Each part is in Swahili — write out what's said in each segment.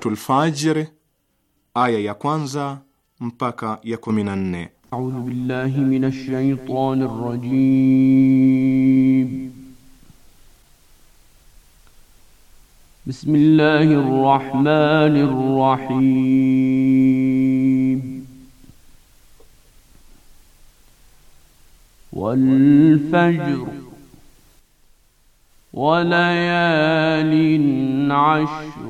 Suratul Fajr aya ya kwanza mpaka ya 14. A'udhu billahi minash shaitani rrajim. Bismillahir rahmanir rahim. Wal fajr wa layalin 'ashr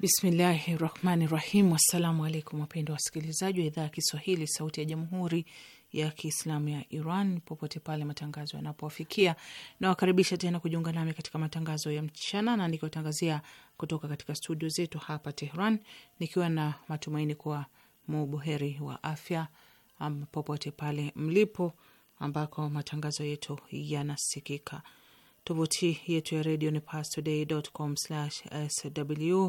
Bismillahi rahmani rahim. Wassalamu alaikum, wapendwa wasikilizaji wa idhaa ya Kiswahili sauti ya jamhuri ya Kiislamu ya Iran popote pale matangazo yanapowafikia, nawakaribisha tena kujiunga nami katika matangazo ya mchana, na nikiwatangazia kutoka katika studio zetu hapa Tehran, nikiwa na matumaini kuwa muboheri wa afya popote pale mlipo ambako matangazo yetu yanasikika. Tovuti yetu ya redio ni pastoday.com/sw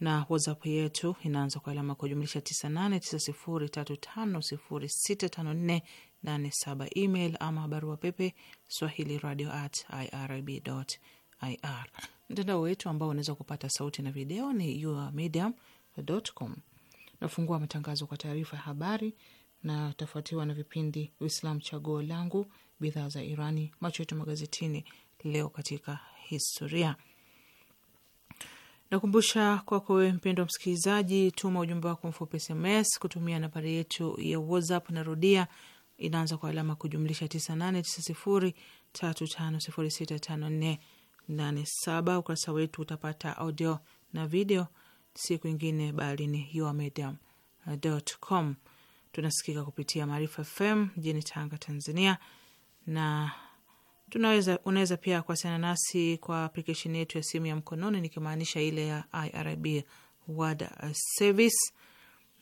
na WhatsApp yetu inaanza kwa alama kujumlisha 989035065487, email ama barua pepe swahili radio at irib ir. Mtandao wetu ambao unaweza kupata sauti na video ni yourmedium.com. Nafungua matangazo kwa taarifa ya habari na tafuatiwa na vipindi Uislam Chaguo Langu, bidhaa za Irani, macho yetu magazetini, leo katika historia Nakumbusha kwako wewe mpendwa msikilizaji, tuma ujumbe wako mfupi SMS kutumia nambari yetu ya WhatsApp. Narudia, inaanza kwa alama kujumlisha 989035065487. Ukurasa wetu utapata audio na video siku ingine, bali ni yourmedium.com. Tunasikika kupitia Maarifa FM mjini Tanga, Tanzania, na Tunaweza, unaweza pia kuwasiliana nasi kwa aplikesheni yetu ya simu ya mkononi nikimaanisha ile ya IRIB World Service.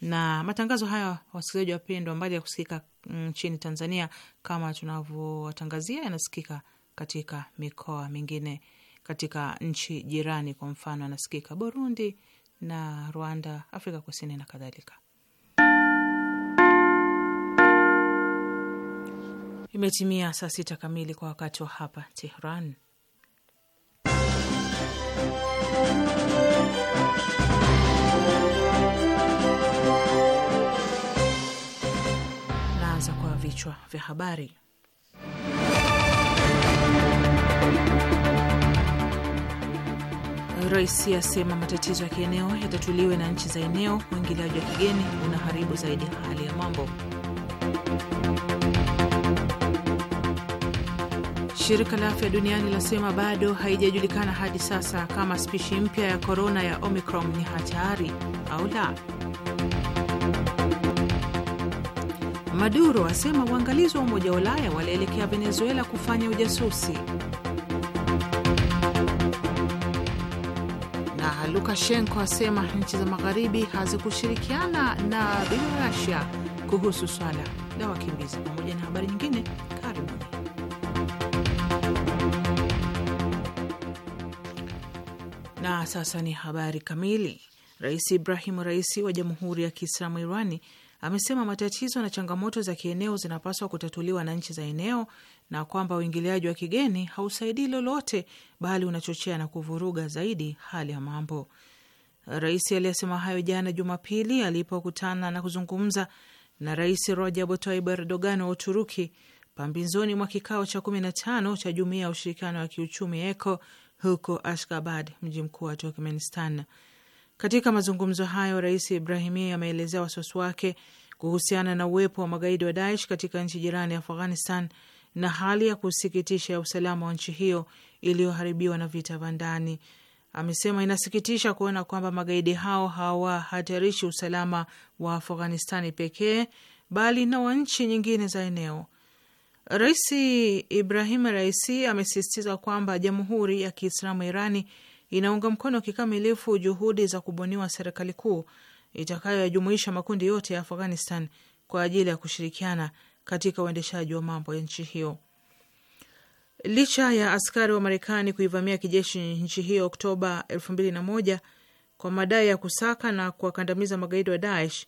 Na matangazo haya, wasikilizaji wapendwa, mbali ya kusikika mm, nchini Tanzania kama tunavyowatangazia, yanasikika katika mikoa mingine katika nchi jirani. Kwa mfano, yanasikika Burundi na Rwanda, Afrika Kusini na kadhalika. Imetimia saa sita kamili kwa wakati wa hapa Tehran. Naanza kwa vichwa vya habari. Rais asema matatizo ya kieneo yatatuliwe na nchi za eneo. Uingiliaji wa kigeni unaharibu zaidi hali ya mambo. Shirika la Afya Duniani linasema bado haijajulikana hadi sasa kama spishi mpya ya korona ya Omicron ni hatari au la. Maduro asema uangalizi wa Umoja wa Ulaya walielekea Venezuela kufanya ujasusi. Na Lukashenko asema nchi za magharibi hazikushirikiana na Belorusia kuhusu swala la wakimbizi, pamoja na habari nyingine. Na sasa ni habari kamili. Rais Ibrahim Raisi wa Jamhuri ya Kiislamu Irani amesema matatizo na changamoto za kieneo zinapaswa kutatuliwa na nchi za eneo na kwamba uingiliaji wa kigeni hausaidii lolote, bali unachochea na kuvuruga zaidi hali ya mambo. Rais aliyesema hayo jana Jumapili alipokutana na kuzungumza na Rais Recep Tayyip Erdogan wa Uturuki pambizoni mwa kikao cha kumi na tano cha Jumuiya ya Ushirikiano wa Kiuchumi ECO huko Ashgabad, mji mkuu wa Turkmenistan. Katika mazungumzo hayo, Rais Ibrahimi ameelezea wasiwasi wake kuhusiana na uwepo wa magaidi wa Daesh katika nchi jirani ya Afghanistan na hali ya kusikitisha ya usalama wa nchi hiyo iliyoharibiwa na vita vya ndani. Amesema inasikitisha kuona kwamba magaidi hao hawahatarishi usalama wa Afghanistani pekee bali na wa nchi nyingine za eneo Rais Ibrahim Raisi amesisitiza kwamba Jamhuri ya Kiislamu Irani inaunga mkono kikamilifu juhudi za kubuniwa serikali kuu itakayoyajumuisha makundi yote ya Afghanistan kwa ajili ya kushirikiana katika uendeshaji wa mambo ya nchi hiyo. Licha ya askari wa Marekani kuivamia kijeshi nchi hiyo Oktoba 2001 kwa madai ya kusaka na kuwakandamiza magaidi wa Daesh,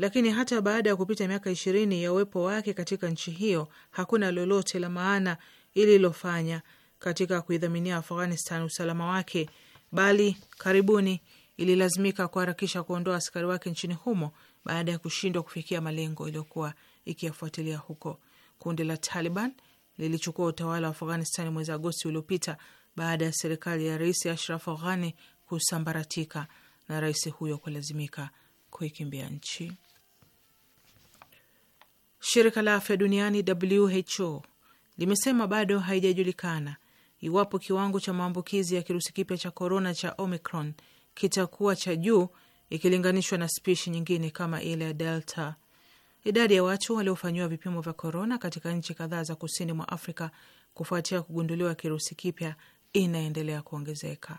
lakini hata baada ya kupita miaka ishirini ya uwepo wake katika nchi hiyo hakuna lolote la maana ililofanya katika kuidhaminia Afghanistan usalama wake, bali karibuni ililazimika kuharakisha kuondoa askari wake nchini humo baada ya kushindwa kufikia malengo iliyokuwa ikiyafuatilia huko. Kundi la Taliban lilichukua utawala wa Afghanistan mwezi Agosti uliopita baada ya serikali ya Rais Ashraf Ghani kusambaratika na rais huyo kulazimika kuikimbia nchi. Shirika la afya duniani WHO limesema bado haijajulikana iwapo kiwango cha maambukizi ya kirusi kipya cha korona cha Omicron kitakuwa cha juu ikilinganishwa na spishi nyingine kama ile ya Delta. Idadi ya watu waliofanyiwa vipimo vya korona katika nchi kadhaa za kusini mwa Afrika kufuatia kugunduliwa kirusi kipya inaendelea kuongezeka.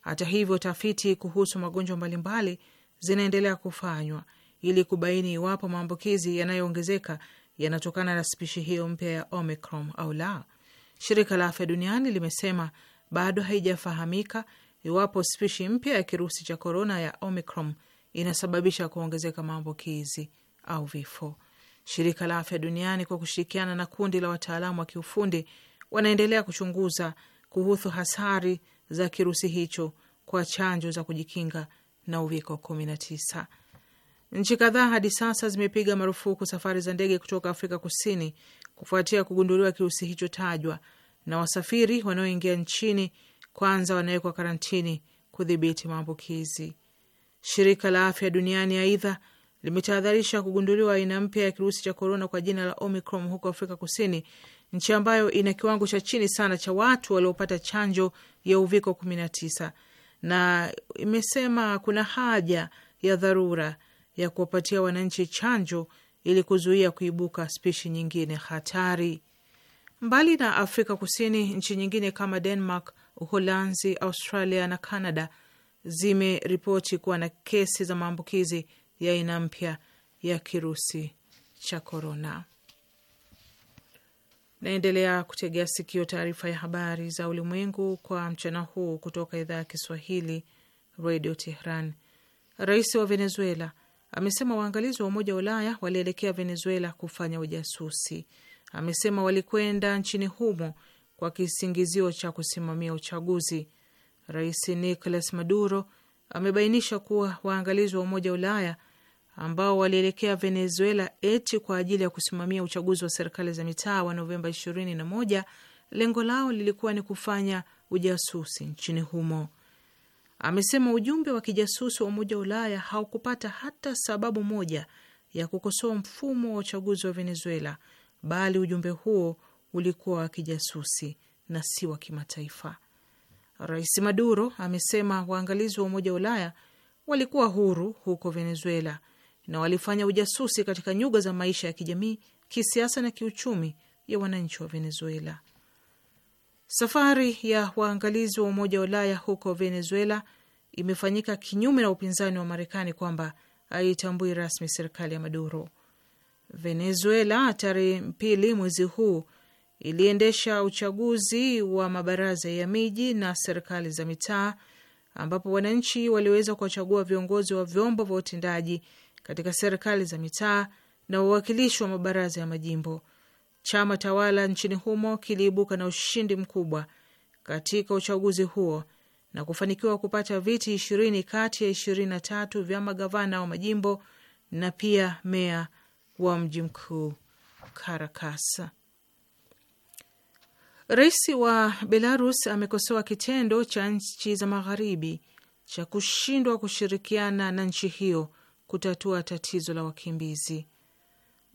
Hata hivyo, tafiti kuhusu magonjwa mbalimbali zinaendelea kufanywa ili kubaini iwapo maambukizi yanayoongezeka yanatokana na spishi hiyo mpya ya Omicron au la. Shirika la Afya Duniani limesema bado haijafahamika iwapo spishi mpya ya kirusi cha korona ya Omicron inasababisha kuongezeka maambukizi au vifo. Shirika la Afya Duniani kwa kushirikiana na kundi la wataalamu wa kiufundi wanaendelea kuchunguza kuhusu hasari za kirusi hicho kwa chanjo za kujikinga na uviko 19. Nchi kadhaa hadi sasa zimepiga marufuku safari za ndege kutoka Afrika Kusini kufuatia kugunduliwa kirusi hicho tajwa, na wasafiri wanaoingia nchini kwanza wanawekwa karantini kudhibiti maambukizi. Shirika la Afya Duniani aidha limetahadharisha kugunduliwa aina mpya ya kirusi cha korona kwa jina la Omicron huko Afrika Kusini, nchi ambayo ina kiwango cha chini sana cha watu waliopata chanjo ya uviko 19, na imesema kuna haja ya dharura ya kuwapatia wananchi chanjo ili kuzuia kuibuka spishi nyingine hatari. Mbali na Afrika Kusini, nchi nyingine kama Denmark, Uholanzi, Australia na Canada zimeripoti kuwa na kesi za maambukizi ya aina mpya ya kirusi cha korona. Naendelea kutegea sikio taarifa ya habari za ulimwengu kwa mchana huu kutoka idhaa ya Kiswahili, Radio Tehran. Rais wa Venezuela Amesema waangalizi wa Umoja wa Ulaya walielekea Venezuela kufanya ujasusi. Amesema walikwenda nchini humo kwa kisingizio cha kusimamia uchaguzi. Rais Nicolas Maduro amebainisha kuwa waangalizi wa Umoja wa Ulaya ambao walielekea Venezuela eti kwa ajili ya kusimamia uchaguzi wa serikali za mitaa wa Novemba 21 lengo lao lilikuwa ni kufanya ujasusi nchini humo amesema ujumbe wa kijasusi wa Umoja wa Ulaya haukupata hata sababu moja ya kukosoa mfumo wa uchaguzi wa Venezuela, bali ujumbe huo ulikuwa wa kijasusi na si wa kimataifa. Rais Maduro amesema waangalizi wa Umoja wa Ulaya walikuwa huru huko Venezuela na walifanya ujasusi katika nyuga za maisha ya kijamii, kisiasa na kiuchumi ya wananchi wa Venezuela. Safari ya waangalizi wa Umoja wa Ulaya huko Venezuela imefanyika kinyume na upinzani wa Marekani kwamba haitambui rasmi serikali ya Maduro. Venezuela tarehe mbili mwezi huu iliendesha uchaguzi wa mabaraza ya miji na serikali za mitaa, ambapo wananchi waliweza kuwachagua viongozi wa vyombo vya utendaji katika serikali za mitaa na wawakilishi wa mabaraza ya majimbo chama tawala nchini humo kiliibuka na ushindi mkubwa katika uchaguzi huo na kufanikiwa kupata viti ishirini kati ya ishirini na tatu vya magavana wa majimbo na pia meya wa mji mkuu Caracas. Rais wa Belarus amekosoa kitendo cha nchi za magharibi cha kushindwa kushirikiana na nchi hiyo kutatua tatizo la wakimbizi.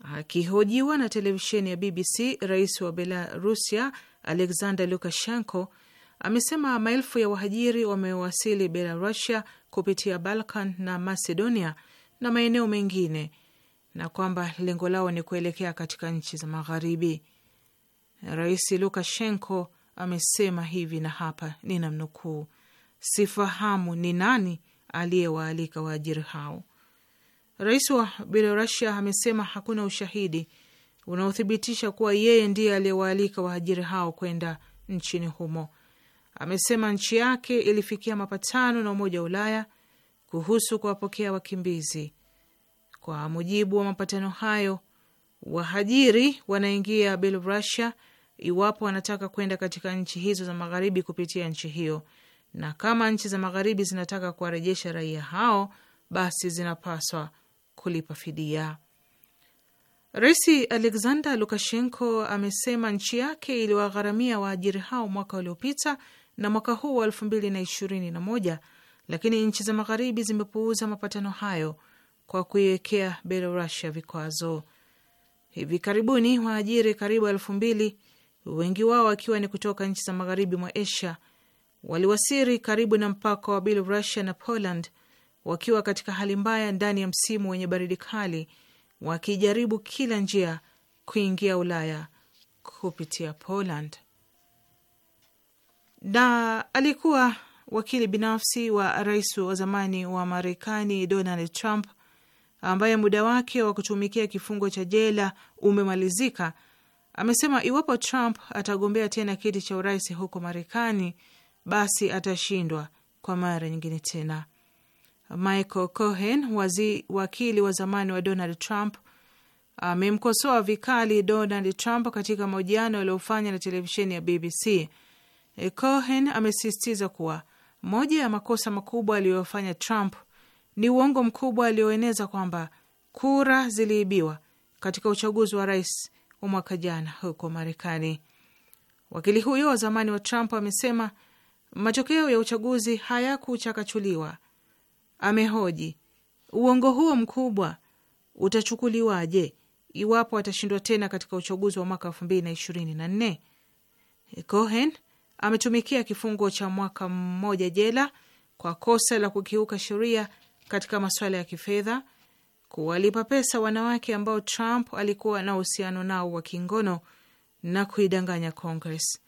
Akihojiwa na televisheni ya BBC, rais wa Belarusia Alexander Lukashenko amesema maelfu ya wahajiri wamewasili Belarusia kupitia Balkan na Macedonia na maeneo mengine na kwamba lengo lao ni kuelekea katika nchi za magharibi. Rais Lukashenko amesema hivi, na hapa ninamnukuu: sifahamu ni nani aliyewaalika waajiri hao. Rais wa Belorusia amesema hakuna ushahidi unaothibitisha kuwa yeye ndiye aliyewaalika wahajiri hao kwenda nchini humo. Amesema nchi yake ilifikia mapatano na Umoja wa Ulaya kuhusu kuwapokea wakimbizi. Kwa mujibu wa mapatano hayo, wahajiri wanaingia Belorusia iwapo wanataka kwenda katika nchi hizo za magharibi kupitia nchi hiyo, na kama nchi za magharibi zinataka kuwarejesha raia hao, basi zinapaswa kulipa fidia. Rais Alexander Lukashenko amesema nchi yake iliwagharamia waajiri hao mwaka uliopita na mwaka huu wa elfu mbili na ishirini na moja, lakini nchi za magharibi zimepuuza mapatano hayo kwa kuiwekea Belorusia vikwazo. Hivi karibuni waajiri karibu elfu mbili, wengi wao wakiwa ni kutoka nchi za magharibi mwa Asia, waliwasiri karibu na mpaka wa Belorusia na Poland wakiwa katika hali mbaya ndani ya msimu wenye baridi kali, wakijaribu kila njia kuingia Ulaya kupitia Poland. Na alikuwa wakili binafsi wa rais wa zamani wa Marekani Donald Trump ambaye muda wake wa kutumikia kifungo cha jela umemalizika, amesema iwapo Trump atagombea tena kiti cha urais huko Marekani, basi atashindwa kwa mara nyingine tena. Michael Cohen, wazi, wakili wa zamani wa Donald Trump, amemkosoa vikali Donald Trump katika mahojiano yaliyofanya na televisheni ya BBC. Eh, Cohen amesisitiza kuwa moja ya makosa makubwa aliyofanya Trump ni uongo mkubwa alioeneza kwamba kura ziliibiwa katika uchaguzi wa rais wa mwaka jana huko Marekani. Wakili huyo wa zamani wa Trump amesema matokeo ya uchaguzi hayakuchakachuliwa Amehoji, uongo huo mkubwa utachukuliwaje iwapo atashindwa tena katika uchaguzi wa mwaka elfu mbili na ishirini na nne. Cohen ametumikia kifungo cha mwaka mmoja jela kwa kosa la kukiuka sheria katika masuala ya kifedha, kuwalipa pesa wanawake ambao Trump alikuwa na uhusiano nao wa kingono na kuidanganya Congress.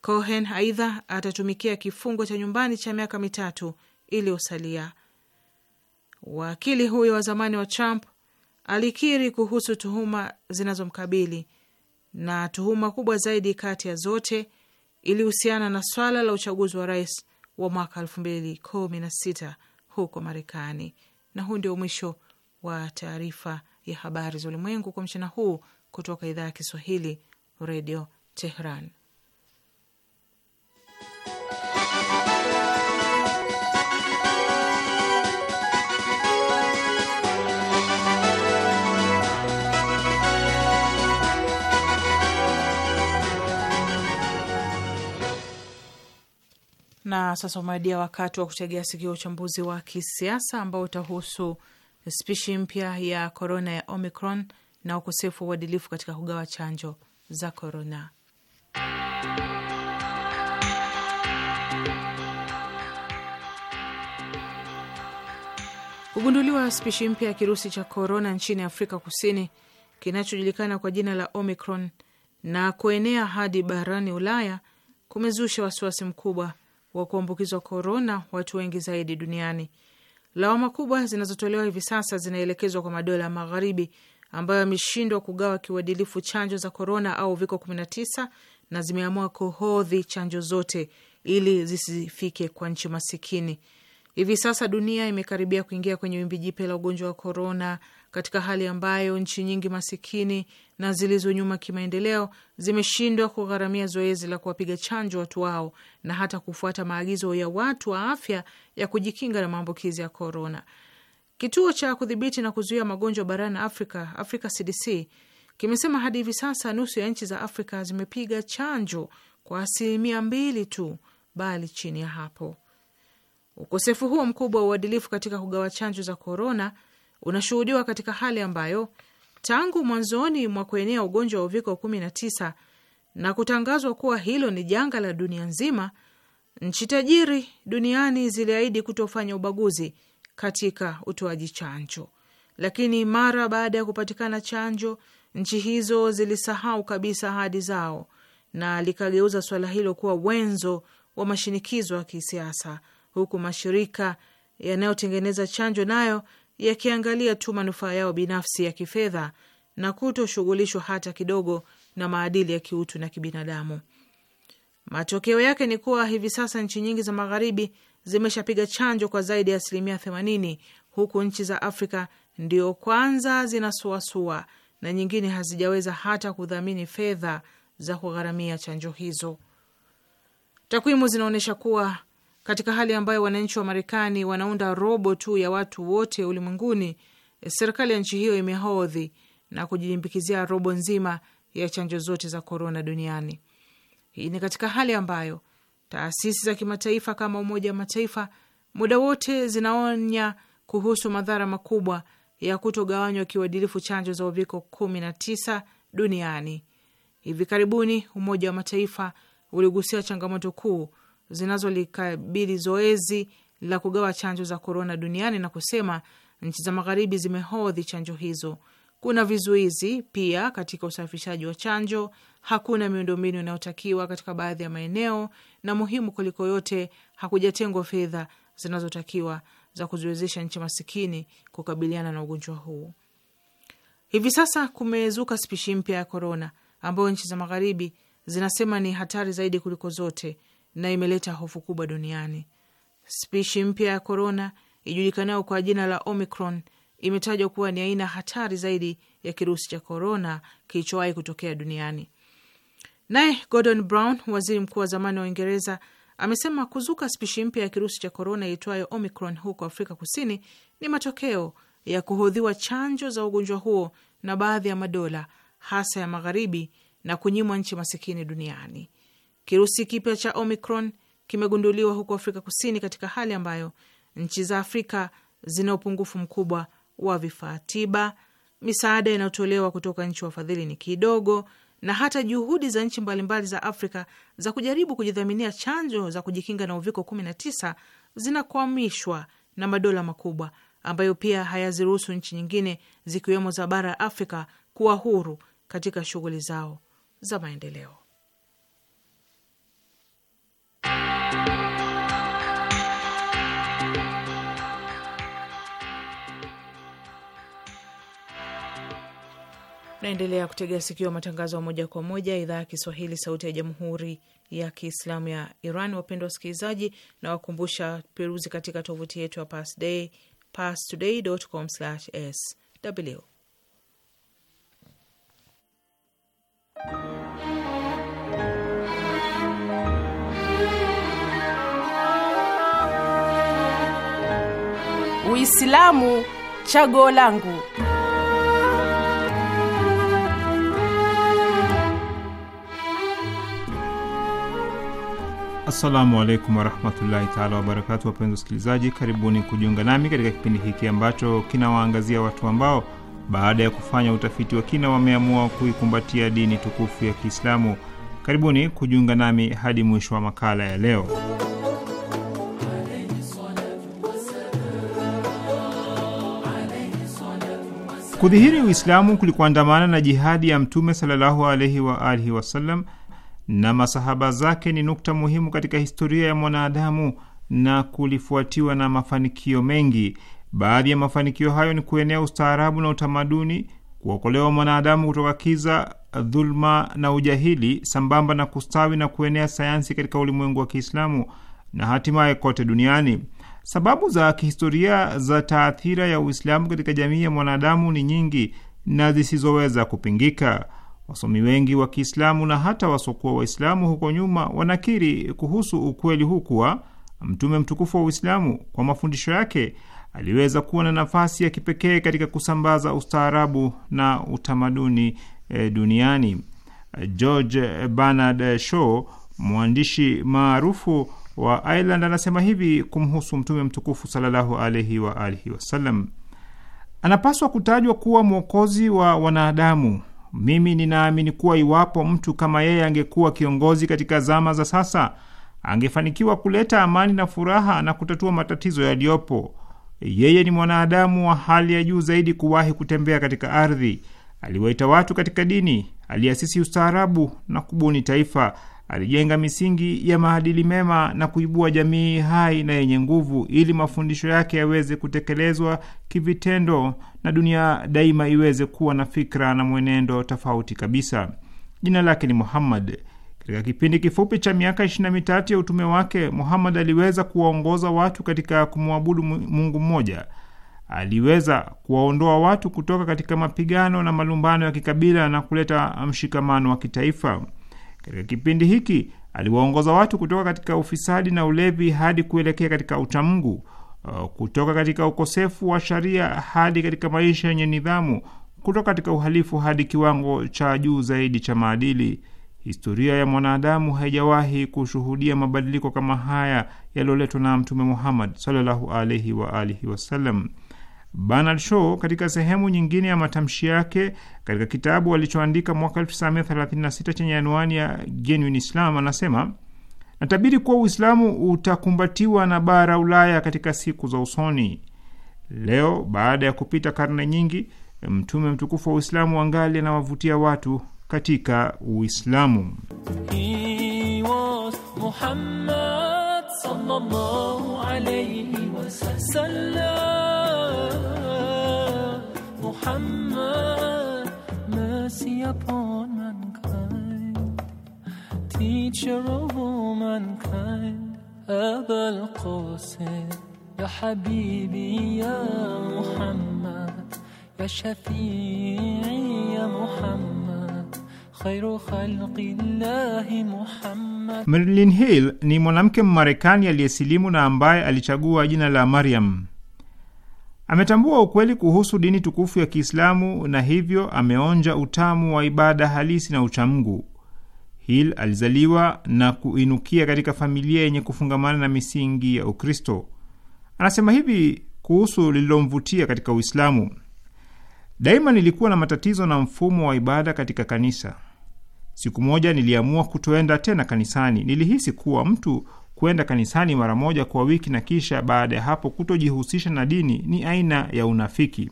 Cohen aidha atatumikia kifungo cha nyumbani cha miaka mitatu iliyosalia Wakili huyo wa zamani wa Trump alikiri kuhusu tuhuma zinazomkabili na tuhuma kubwa zaidi kati ya zote ilihusiana na swala la uchaguzi wa rais wa mwaka elfu mbili kumi na sita huko Marekani. Na huu ndio mwisho wa taarifa ya habari za ulimwengu kwa mchana huu kutoka idhaa ya Kiswahili, Redio Tehran. Na sasa umewadia wakati wa kutegea sikio uchambuzi wa kisiasa ambao utahusu spishi mpya ya korona ya Omicron na ukosefu wa uadilifu katika kugawa chanjo za korona. Kugunduliwa spishi mpya ya kirusi cha korona nchini Afrika Kusini kinachojulikana kwa jina la Omicron na kuenea hadi barani Ulaya kumezusha wasiwasi mkubwa wa kuambukizwa korona watu wengi zaidi duniani. Lawama kubwa zinazotolewa hivi sasa zinaelekezwa kwa madola ya Magharibi ambayo yameshindwa kugawa kiuadilifu chanjo za korona au uviko 19 na zimeamua kuhodhi chanjo zote ili zisifike kwa nchi masikini. Hivi sasa dunia imekaribia kuingia kwenye wimbi jipya la ugonjwa wa korona, katika hali ambayo nchi nyingi masikini na zilizo nyuma kimaendeleo zimeshindwa kugharamia zoezi la kuwapiga chanjo watu wao na hata kufuata maagizo ya watu wa afya ya kujikinga na maambukizi ya korona. Kituo cha kudhibiti na kuzuia magonjwa barani Afrika, Africa CDC, kimesema hadi hivi sasa nusu ya nchi za Afrika zimepiga chanjo kwa asilimia mbili tu, bali chini ya hapo Ukosefu huo mkubwa wa uadilifu katika kugawa chanjo za korona unashuhudiwa katika hali ambayo tangu mwanzoni mwa kuenea ugonjwa wa uviko 19 na kutangazwa kuwa hilo ni janga la dunia nzima, nchi tajiri duniani ziliahidi kutofanya ubaguzi katika utoaji chanjo, lakini mara baada ya kupatikana chanjo, nchi hizo zilisahau kabisa ahadi zao na likageuza swala hilo kuwa wenzo wa mashinikizo ya kisiasa huku mashirika yanayotengeneza chanjo nayo yakiangalia tu manufaa yao binafsi ya kifedha na kutoshughulishwa hata kidogo na maadili ya kiutu na kibinadamu. Matokeo yake ni kuwa hivi sasa nchi nyingi za magharibi zimeshapiga chanjo kwa zaidi ya asilimia themanini, huku nchi za Afrika ndio kwanza zinasuasua na nyingine hazijaweza hata kudhamini fedha za kugharamia chanjo hizo. Takwimu zinaonyesha kuwa katika hali ambayo wananchi wa Marekani wanaunda robo tu ya watu wote ulimwenguni, serikali ya nchi hiyo imehodhi na kujilimbikizia robo nzima ya chanjo zote za korona duniani. Hii ni katika hali ambayo taasisi za kimataifa kama Umoja wa Mataifa muda wote zinaonya kuhusu madhara makubwa ya kutogawanywa kiuadilifu chanjo za uviko 19 duniani. Hivi karibuni Umoja wa Mataifa uligusia changamoto kuu zinazolikabili zoezi la kugawa chanjo za korona duniani na kusema nchi za magharibi zimehodhi chanjo hizo. Kuna vizuizi pia katika usafirishaji wa chanjo, hakuna miundombinu inayotakiwa katika baadhi ya maeneo, na muhimu kuliko yote, hakujatengwa fedha zinazotakiwa za kuziwezesha nchi masikini kukabiliana na ugonjwa huu. Hivi sasa kumezuka spishi mpya ya korona ambayo nchi za magharibi zinasema ni hatari zaidi kuliko zote, na imeleta hofu kubwa duniani. Spishi mpya ya korona ijulikanayo kwa jina la Omicron imetajwa kuwa ni aina hatari zaidi ya kirusi cha korona kilichowahi kutokea duniani. Naye Gordon Brown, waziri mkuu wa zamani wa Uingereza, amesema kuzuka spishi mpya ya kirusi cha korona iitwayo Omicron huko Afrika Kusini ni matokeo ya kuhodhiwa chanjo za ugonjwa huo na baadhi ya madola hasa ya Magharibi na kunyimwa nchi masikini duniani. Kirusi kipya cha Omicron kimegunduliwa huko Afrika Kusini, katika hali ambayo nchi za Afrika zina upungufu mkubwa wa vifaa tiba, misaada inayotolewa kutoka nchi wafadhili ni kidogo, na hata juhudi za nchi mbalimbali za Afrika za kujaribu kujidhaminia chanjo za kujikinga na uviko 19 zinakwamishwa na madola makubwa ambayo pia hayaziruhusu nchi nyingine zikiwemo za bara ya Afrika kuwa huru katika shughuli zao za maendeleo. Naendelea kutegea sikio matangazo ya moja kwa moja idhaa ya Kiswahili, sauti ya jamhuri ya kiislamu ya Iran. Wapendwa wasikilizaji, na wakumbusha peruzi katika tovuti yetu ya Pastoday, pastoday.com/sw. Uislamu chaguo langu. Assalamu alaikum warahmatullahi taala wabarakatu. Wapenzi wasikilizaji, karibuni kujiunga nami katika kipindi hiki ambacho kinawaangazia watu ambao baada ya kufanya utafiti wa kina wameamua kuikumbatia dini tukufu ya Kiislamu. Karibuni kujiunga nami hadi mwisho wa makala ya leo. Kudhihiri Uislamu kulikuandamana na jihadi ya Mtume sallallahu alaihi wa alihi wasallam na masahaba zake ni nukta muhimu katika historia ya mwanadamu na kulifuatiwa na mafanikio mengi. Baadhi ya mafanikio hayo ni kuenea ustaarabu na utamaduni, kuokolewa mwanadamu kutoka kiza, dhulma na ujahili, sambamba na kustawi na kuenea sayansi katika ulimwengu wa Kiislamu na hatimaye kote duniani. Sababu za kihistoria za taathira ya Uislamu katika jamii ya mwanadamu ni nyingi na zisizoweza kupingika. Wasomi wengi wa Kiislamu na hata wasokuwa Waislamu huko nyuma wanakiri kuhusu ukweli huu kuwa Mtume mtukufu wa Uislamu kwa mafundisho yake aliweza kuwa na nafasi ya kipekee katika kusambaza ustaarabu na utamaduni e, duniani. George Bernard Shaw, mwandishi maarufu wa Ireland, anasema hivi kumhusu Mtume mtukufu sallallahu alaihi wa alihi wasallam: anapaswa kutajwa kuwa mwokozi wa wanadamu mimi ninaamini kuwa iwapo mtu kama yeye angekuwa kiongozi katika zama za sasa, angefanikiwa kuleta amani na furaha na kutatua matatizo yaliyopo. Yeye ni mwanadamu wa hali ya juu zaidi kuwahi kutembea katika ardhi. Aliwaita watu katika dini, aliasisi ustaarabu na kubuni taifa alijenga misingi ya maadili mema na kuibua jamii hai na yenye nguvu, ili mafundisho yake yaweze kutekelezwa kivitendo na dunia daima iweze kuwa na fikra na mwenendo tofauti kabisa. Jina lake ni Muhammad. Katika kipindi kifupi cha miaka ishirini na mitatu ya utume wake, Muhammad aliweza kuwaongoza watu katika kumwabudu Mungu mmoja. Aliweza kuwaondoa watu kutoka katika mapigano na malumbano ya kikabila na kuleta mshikamano wa kitaifa. Katika kipindi hiki aliwaongoza watu kutoka katika ufisadi na ulevi hadi kuelekea katika uchamungu, uh, kutoka katika ukosefu wa sharia hadi katika maisha yenye nidhamu, kutoka katika uhalifu hadi kiwango cha juu zaidi cha maadili. Historia ya mwanadamu haijawahi kushuhudia mabadiliko kama haya yaliyoletwa na Mtume Muhammad sallallahu alaihi wa alihi wasallam. Bernard Shaw katika sehemu nyingine ya matamshi yake katika kitabu alichoandika mwaka 1936 chenye anwani ya Genuine Islam anasema, natabiri kuwa Uislamu utakumbatiwa na bara Ulaya katika siku za usoni. Leo baada ya kupita karne nyingi, mtume mtukufu wa Uislamu angali anawavutia watu katika Uislamu. Muhammad sallallahu alayhi sallam Muhammad, mercy upon mankind, teacher of all mankind, Abul القاسم يا حبيبي يا محمد يا شفيعي يا محمد خير خلق الله محمد Marilyn Hill ni mwanamke Mmarekani aliyesilimu na ambaye alichagua jina la Mariam Ametambua ukweli kuhusu dini tukufu ya Kiislamu na hivyo ameonja utamu wa ibada halisi na uchamgu. Hill alizaliwa na kuinukia katika familia yenye kufungamana na misingi ya Ukristo. Anasema hivi kuhusu lililomvutia katika Uislamu: Daima nilikuwa na matatizo na mfumo wa ibada katika kanisa. Siku moja niliamua kutoenda tena kanisani. Nilihisi kuwa mtu kwenda kanisani mara moja kwa wiki na kisha baada ya hapo kutojihusisha na dini ni aina ya unafiki.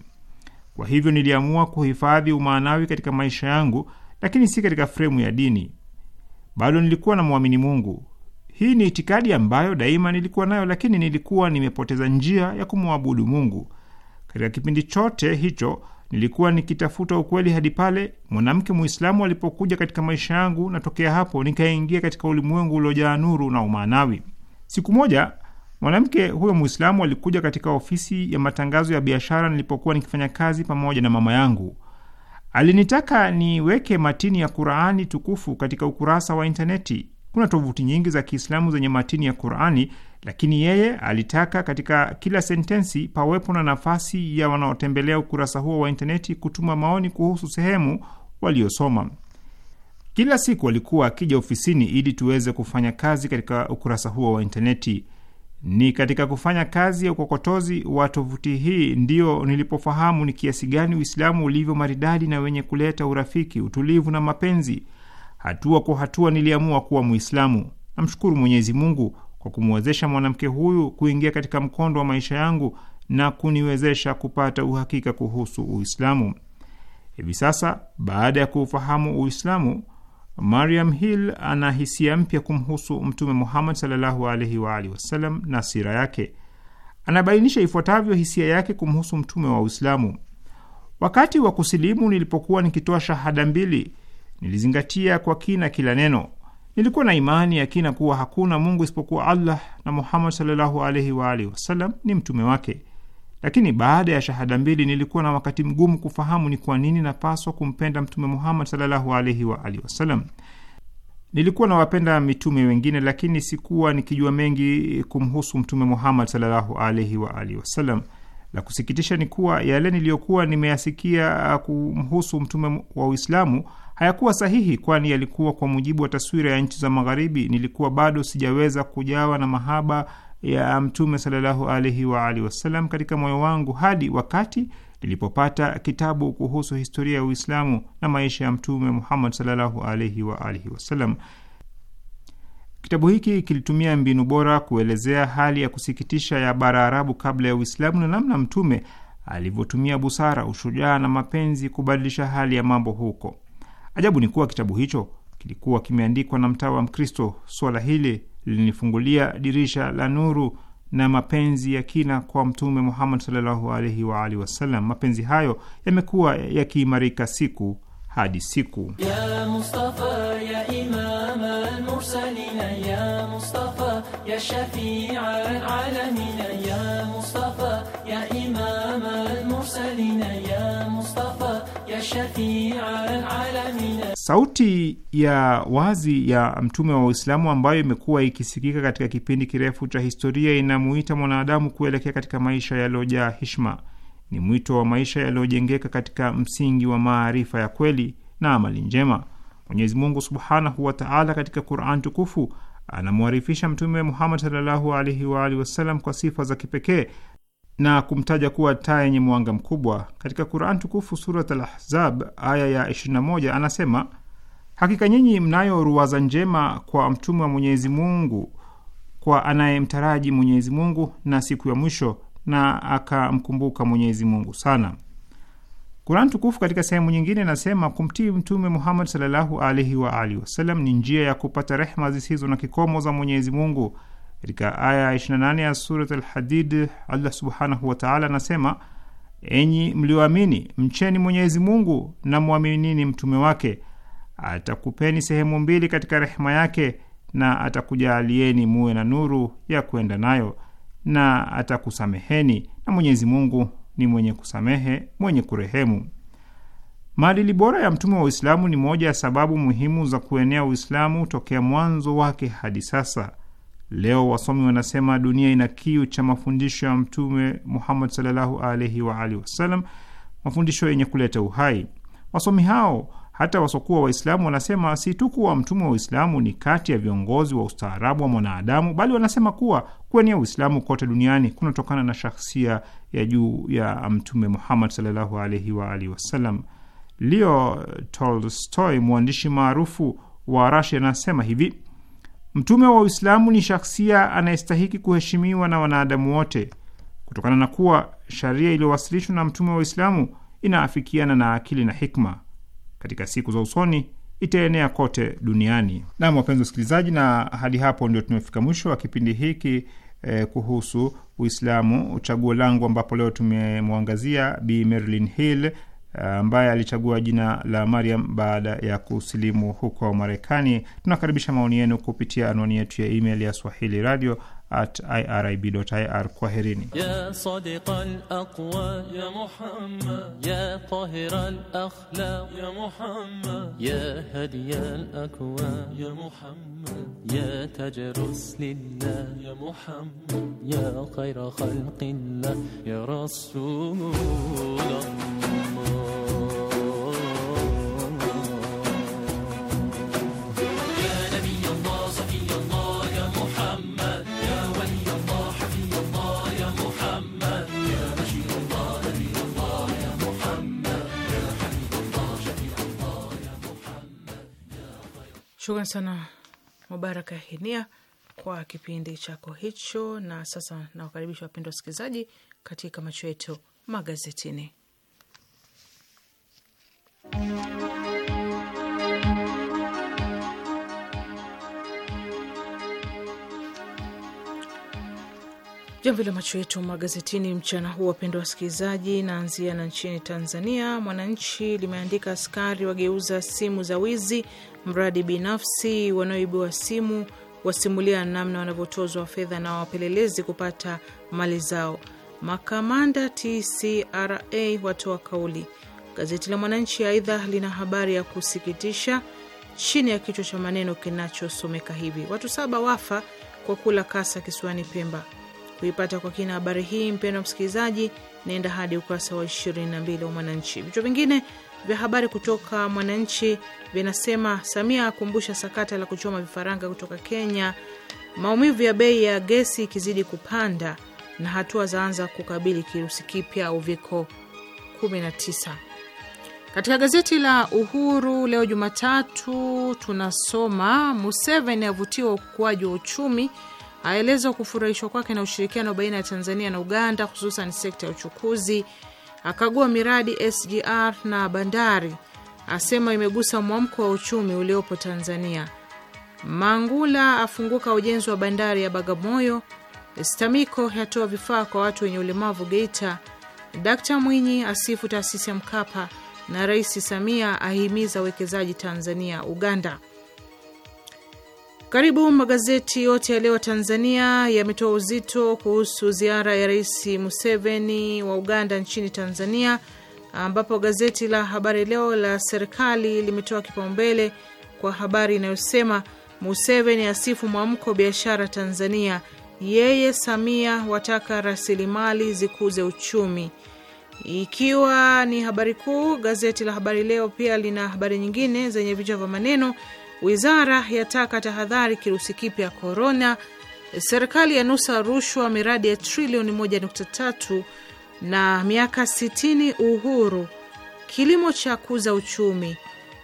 Kwa hivyo niliamua kuhifadhi umaanawi katika maisha yangu, lakini si katika fremu ya dini. Bado nilikuwa na mwamini Mungu. Hii ni itikadi ambayo daima nilikuwa nayo, lakini nilikuwa nimepoteza njia ya kumwabudu Mungu. Katika kipindi chote hicho Nilikuwa nikitafuta ukweli hadi pale mwanamke Muislamu alipokuja katika maisha yangu, na tokea hapo nikaingia katika ulimwengu uliojaa nuru na umaanawi. Siku moja mwanamke huyo Muislamu alikuja katika ofisi ya matangazo ya biashara nilipokuwa nikifanya kazi pamoja na mama yangu. Alinitaka niweke matini ya Qurani tukufu katika ukurasa wa intaneti. Kuna tovuti nyingi za Kiislamu zenye matini ya Qurani lakini yeye alitaka katika kila sentensi pawepo na nafasi ya wanaotembelea ukurasa huo wa intaneti kutuma maoni kuhusu sehemu waliosoma. Kila siku alikuwa akija ofisini ili tuweze kufanya kazi katika ukurasa huo wa intaneti. Ni katika kufanya kazi ya ukokotozi wa tovuti hii ndiyo nilipofahamu ni kiasi gani Uislamu ulivyo maridadi na wenye kuleta urafiki, utulivu na mapenzi. Hatua kwa hatua niliamua kuwa Muislamu. Namshukuru Mwenyezi Mungu kwa kumwezesha mwanamke huyu kuingia katika mkondo wa maisha yangu na kuniwezesha kupata uhakika kuhusu Uislamu. Hivi sasa baada ya kuufahamu Uislamu, Mariam Hill ana hisia mpya kumhusu Mtume Muhammad sallallahu alaihi wa alihi wasallam na sira yake. Anabainisha ifuatavyo hisia yake kumhusu mtume wa Uislamu: wakati wa kusilimu, nilipokuwa nikitoa shahada mbili, nilizingatia kwa kina kila neno Nilikuwa na imani ya kina kuwa hakuna Mungu isipokuwa Allah na Muhammad sallallahu alaihi wa alihi wasallam ni mtume wake. Lakini baada ya shahada mbili nilikuwa na wakati mgumu kufahamu ni kwa nini napaswa kumpenda Mtume Muhammad sallallahu alaihi wa alihi wasallam. Nilikuwa nawapenda mitume wengine, lakini sikuwa nikijua mengi kumhusu Mtume Muhammad sallallahu alaihi wa alihi wasallam. La kusikitisha ni kuwa yale niliyokuwa nimeyasikia kumhusu mtume wa Uislamu hayakuwa sahihi, kwani yalikuwa kwa mujibu wa taswira ya nchi za Magharibi. Nilikuwa bado sijaweza kujawa na mahaba ya Mtume sallallahu alaihi wa alihi wasallam katika moyo wangu hadi wakati nilipopata kitabu kuhusu historia ya Uislamu na maisha ya Mtume Muhammad sallallahu alaihi wa alihi wasallam. Kitabu hiki kilitumia mbinu bora kuelezea hali ya kusikitisha ya bara Arabu kabla ya Uislamu na namna Mtume alivyotumia busara, ushujaa na mapenzi kubadilisha hali ya mambo huko. Ajabu ni kuwa kitabu hicho kilikuwa kimeandikwa na mtawa Mkristo. Suala hili lilinifungulia dirisha la nuru na mapenzi ya kina kwa Mtume Muhammad sallallahu alaihi wa alihi wasallam. Mapenzi hayo yamekuwa yakiimarika siku hadi siku ya Mustafa, ya Sauti ya wazi ya mtume wa Uislamu ambayo imekuwa ikisikika katika kipindi kirefu cha historia inamuita mwanadamu kuelekea katika maisha yaliyojaa hishma. Ni mwito wa maisha yaliyojengeka katika msingi wa maarifa ya kweli na amali njema. Mwenyezi Mungu subhanahu wa taala katika Quran tukufu anamwarifisha Mtume Muhammad sallallahu alaihi wa alihi wasallam kwa sifa za kipekee na kumtaja kuwa taa yenye mwanga mkubwa. Katika Quran tukufu Surat Al-Ahzab aya ya 21 anasema, hakika nyinyi mnayo ruwaza njema kwa mtume wa Mwenyezi Mungu, kwa anayemtaraji Mwenyezi Mungu na siku ya mwisho na akamkumbuka Mwenyezi Mungu sana. Quran tukufu katika sehemu nyingine inasema kumtii Mtume Muhammad sallallahu alaihi wa alihi wasallam ni njia ya kupata rehma zisizo na kikomo za Mwenyezi Mungu katika aya 28 ya Surat Alhadid, Allah subhanahu wataala anasema: enyi mlioamini, mcheni Mwenyezi Mungu na mwaminini mtume wake, atakupeni sehemu mbili katika rehema yake na atakujaalieni muwe na nuru ya kwenda nayo na atakusameheni, na Mwenyezi Mungu ni mwenye kusamehe, mwenye kurehemu. Maadili bora ya mtume wa Uislamu ni moja ya sababu muhimu za kuenea Uislamu tokea mwanzo wake hadi sasa. Leo wasomi wanasema dunia ina kiu cha mafundisho ya Mtume Muhammad sallallahu alaihi wa alihi wasallam, mafundisho yenye kuleta uhai. Wasomi hao hata wasokuwa Waislamu wanasema si tu kuwa mtume wa Uislamu ni kati ya viongozi wa ustaarabu wa mwanadamu, bali wanasema kuwa kuenea Uislamu kote duniani kunatokana na shakhsia ya juu ya Mtume Muhammad sallallahu alaihi wa alihi wasallam. Leo Tolstoy, mwandishi maarufu wa Rasia, anasema hivi Mtume wa Uislamu ni shakhsia anayestahiki kuheshimiwa na wanadamu wote kutokana na kuwa sharia iliyowasilishwa na mtume wa Uislamu inaafikiana na akili na hikma. Katika siku za usoni itaenea kote duniani. Nam, wapenzi wasikilizaji, na hadi hapo ndio tumefika mwisho wa kipindi hiki eh, kuhusu Uislamu Chaguo Langu, ambapo leo tumemwangazia Bi Hill Eh, ambaye alichagua jina la Mariam baada ya kusilimu huko Marekani. Tunakaribisha maoni yenu kupitia anwani yetu ya email ya swahili radio at irib.ir. Kwaherini ya aqwa ya Muhammad ya ya Muhammad ya ya Muhammad ya tajrus lillah ya Muhammad ya khayra ya Rasulullah Shukran sana Mubaraka Hinia kwa kipindi chako hicho. Na sasa nawakaribisha wapendwa wasikilizaji katika macho yetu magazetini. Jamvi la macho yetu magazetini mchana huu, wapendwa wasikilizaji, naanzia na nchini Tanzania. Mwananchi limeandika askari wageuza simu za wizi, mradi binafsi wanaoibiwa simu wasimulia namna wanavyotozwa fedha na wapelelezi kupata mali zao. Makamanda TCRA watoa kauli. Gazeti la Mwananchi aidha lina habari ya kusikitisha chini ya kichwa cha maneno kinachosomeka hivi: watu saba wafa kwa kula kasa kisiwani Pemba. Kuipata kwa kina habari hii, mpendwa msikilizaji, naenda hadi ukurasa wa 22 wa Mwananchi. Vichwa vingine vya habari kutoka Mwananchi vinasema Samia akumbusha sakata la kuchoma vifaranga kutoka Kenya, maumivu ya bei ya gesi ikizidi kupanda, na hatua zaanza kukabili kirusi kipya uviko 19. Katika gazeti la Uhuru leo Jumatatu tunasoma Museveni avutiwa ukuaji wa uchumi, aelezwa kufurahishwa kwake na ushirikiano baina ya Tanzania na Uganda, hususan sekta ya uchukuzi akagua miradi SGR na bandari, asema imegusa mwamko wa uchumi uliopo Tanzania. Mangula afunguka ujenzi wa bandari ya Bagamoyo. Stamiko yatoa vifaa kwa watu wenye ulemavu Geita. Dkt Mwinyi asifu taasisi ya Mkapa na Rais Samia ahimiza uwekezaji Tanzania Uganda. Karibu magazeti yote ya leo Tanzania yametoa uzito kuhusu ziara ya Rais Museveni wa Uganda nchini Tanzania, ambapo gazeti la Habari Leo la serikali limetoa kipaumbele kwa habari inayosema Museveni asifu mwamko biashara Tanzania, yeye Samia wataka rasilimali zikuze uchumi. Ikiwa ni habari kuu, gazeti la Habari Leo pia lina habari nyingine zenye vichwa vya maneno Wizara yataka tahadhari kirusi kipya korona. Serikali yanusa rushwa miradi ya trilioni 1.3 na miaka 60 uhuru. Kilimo cha kuza uchumi.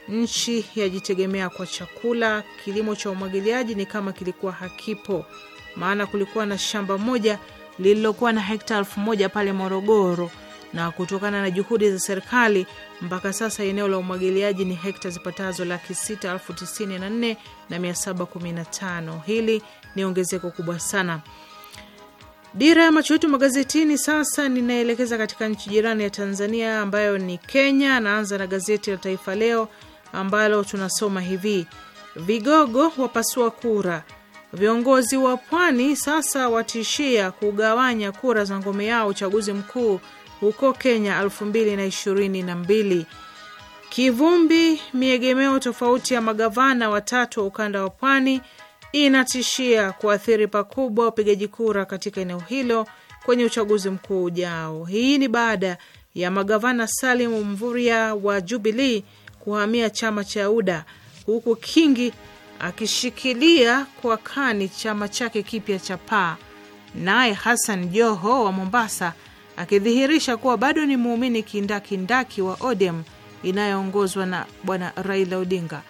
Nchi yajitegemea kwa chakula. Kilimo cha umwagiliaji ni kama kilikuwa hakipo, maana kulikuwa na shamba moja lililokuwa na hekta elfu moja pale Morogoro na kutokana na juhudi za serikali mpaka sasa eneo la umwagiliaji ni hekta zipatazo laki sita elfu tisini na nne na mia saba kumi na tano. Hili ni ongezeko kubwa sana. Dira ya macho yetu magazetini sasa ninaelekeza katika nchi jirani ya Tanzania ambayo ni Kenya. Naanza na gazeti la Taifa Leo ambalo tunasoma hivi: vigogo wapasua kura, viongozi wa pwani sasa watishia kugawanya kura za ngome yao uchaguzi mkuu huko Kenya 2022. Kivumbi miegemeo tofauti ya magavana watatu wa ukanda wa pwani inatishia kuathiri pakubwa upigaji kura katika eneo hilo kwenye uchaguzi mkuu ujao. Hii ni baada ya magavana Salimu Mvurya wa Jubilee kuhamia chama cha UDA huku Kingi akishikilia kwa kani chama chake kipya cha Paa, naye Hassan Joho wa Mombasa akidhihirisha kuwa bado ni muumini kindakindaki wa ODM inayoongozwa na bwana Raila Odinga.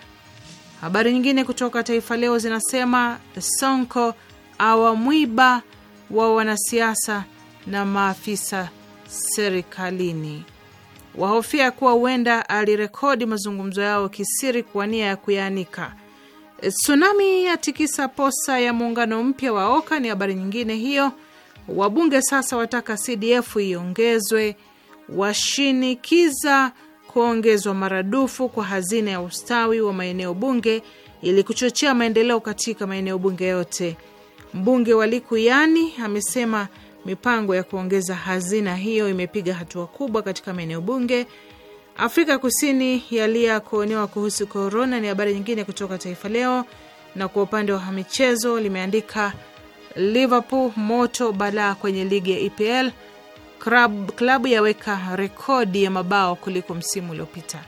Habari nyingine kutoka Taifa Leo zinasema Sonko awamwiba wa wanasiasa na maafisa serikalini, wahofia kuwa huenda alirekodi mazungumzo yao kisiri kwa nia ya kuyaanika. Tsunami yatikisa posa ya muungano mpya wa Oka ni habari nyingine hiyo. Wabunge sasa wataka CDF iongezwe, washinikiza kuongezwa maradufu kwa hazina ya ustawi wa maeneo bunge ili kuchochea maendeleo katika maeneo bunge yote. Mbunge wa Likuyani amesema mipango ya kuongeza hazina hiyo imepiga hatua kubwa katika maeneo bunge. Afrika Kusini yalia kuonewa kuhusu korona ni habari nyingine kutoka Taifa Leo, na kwa upande wa michezo limeandika Liverpool moto balaa kwenye ligi ya EPL. Klabu yaweka rekodi ya mabao kuliko msimu uliopita.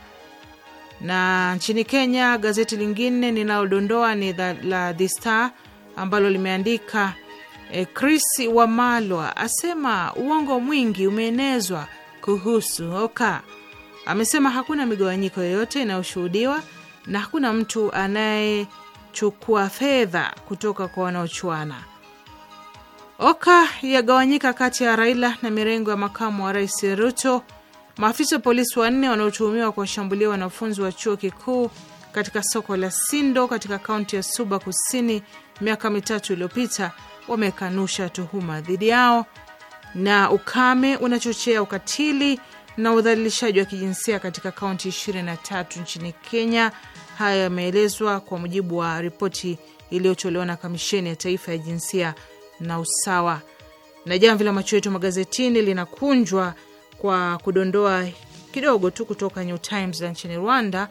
Na nchini Kenya, gazeti lingine ninalodondoa ni la The Star ambalo limeandika eh, Chris Wamalwa asema uongo mwingi umeenezwa kuhusu Oka. Amesema hakuna migawanyiko yoyote inayoshuhudiwa na hakuna mtu anayechukua fedha kutoka kwa wanaochuana. Oka yagawanyika kati ya Raila na mirengo ya makamu wa rais Ruto. Maafisa wa polisi wanne wanaotuhumiwa kuwashambulia wanafunzi wa chuo kikuu katika soko la Sindo katika kaunti ya Suba Kusini miaka mitatu iliyopita wamekanusha tuhuma dhidi yao. Na ukame unachochea ukatili na udhalilishaji wa kijinsia katika kaunti 23 nchini Kenya. Haya yameelezwa kwa mujibu wa ripoti iliyotolewa na Kamisheni ya Taifa ya Jinsia na usawa. Na jamvi la macho yetu magazetini linakunjwa kwa kudondoa kidogo tu kutoka New Times la nchini Rwanda,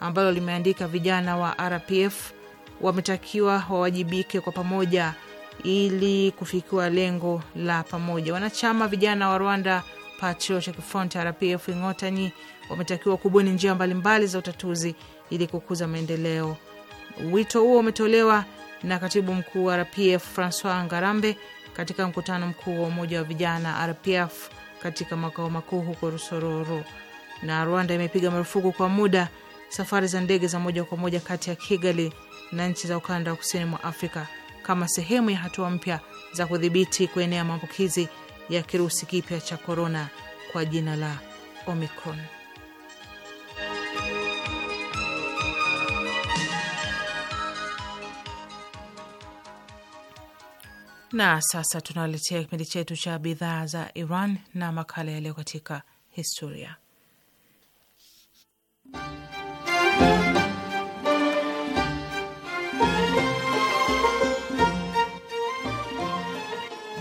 ambalo limeandika vijana wa RPF wametakiwa wawajibike kwa pamoja ili kufikiwa lengo la pamoja. Wanachama vijana wa Rwanda Patriotic Front RPF Inkotanyi wametakiwa kubuni njia mbalimbali za utatuzi ili kukuza maendeleo. Wito huo umetolewa na katibu mkuu wa RPF Francois Ngarambe katika mkutano mkuu wa umoja wa vijana RPF katika makao makuu huko Rusororo. Na Rwanda imepiga marufuku kwa muda safari za ndege za moja kwa moja kati ya Kigali na nchi za ukanda wa kusini mwa Afrika kama sehemu ya hatua mpya za kudhibiti kuenea maambukizi ya kirusi kipya cha korona kwa jina la Omicron. Na sasa tunawaletea kipindi chetu cha bidhaa za Iran na makala yaliyo katika historia.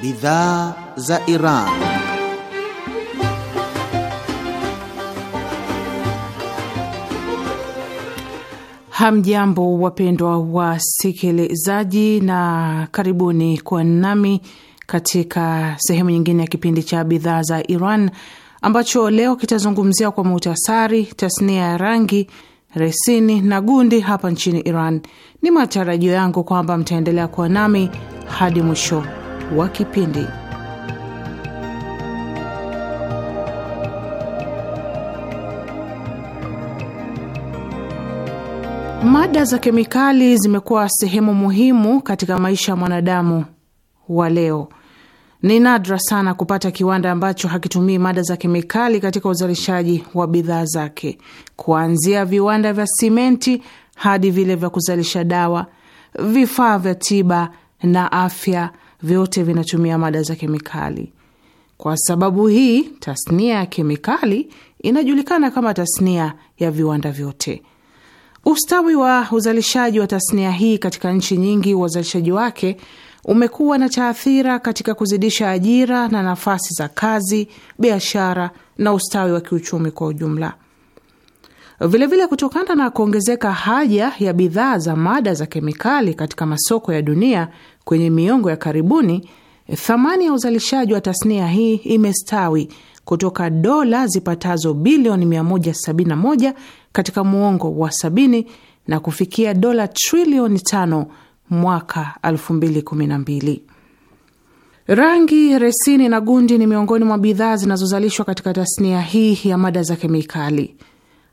Bidhaa za Iran. Hamjambo, wapendwa wasikilizaji, na karibuni kwa nami katika sehemu nyingine ya kipindi cha bidhaa za Iran ambacho leo kitazungumzia kwa muhtasari tasnia ya rangi, resini na gundi hapa nchini Iran. Ni matarajio yangu kwamba mtaendelea kuwa nami hadi mwisho wa kipindi. Mada za kemikali zimekuwa sehemu muhimu katika maisha ya mwanadamu wa leo. Ni nadra sana kupata kiwanda ambacho hakitumii mada za kemikali katika uzalishaji wa bidhaa zake, kuanzia viwanda vya simenti hadi vile vya kuzalisha dawa, vifaa vya tiba na afya, vyote vinatumia mada za kemikali. Kwa sababu hii, tasnia ya kemikali inajulikana kama tasnia ya viwanda vyote. Ustawi wa uzalishaji wa tasnia hii katika nchi nyingi, wazalishaji wake umekuwa na taathira katika kuzidisha ajira na nafasi za kazi, biashara na ustawi wa kiuchumi kwa ujumla. Vilevile, kutokana na kuongezeka haja ya bidhaa za mada za kemikali katika masoko ya dunia kwenye miongo ya karibuni, thamani ya uzalishaji wa tasnia hii imestawi kutoka dola zipatazo bilioni 171 katika muongo wa sabini na kufikia dola trilioni tano mwaka 2012. Rangi, resini na gundi ni miongoni mwa bidhaa zinazozalishwa katika tasnia hii ya mada za kemikali.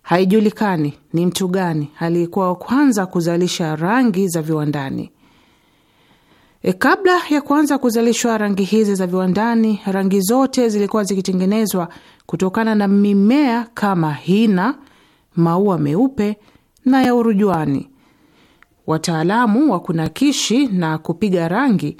Haijulikani ni mtu gani aliyekuwa wa kwanza kuzalisha rangi za viwandani. E, kabla ya kuanza kuzalishwa rangi hizi za viwandani, rangi zote zilikuwa zikitengenezwa kutokana na mimea kama hina, maua meupe na ya urujuani. Wataalamu wa kunakishi na kupiga rangi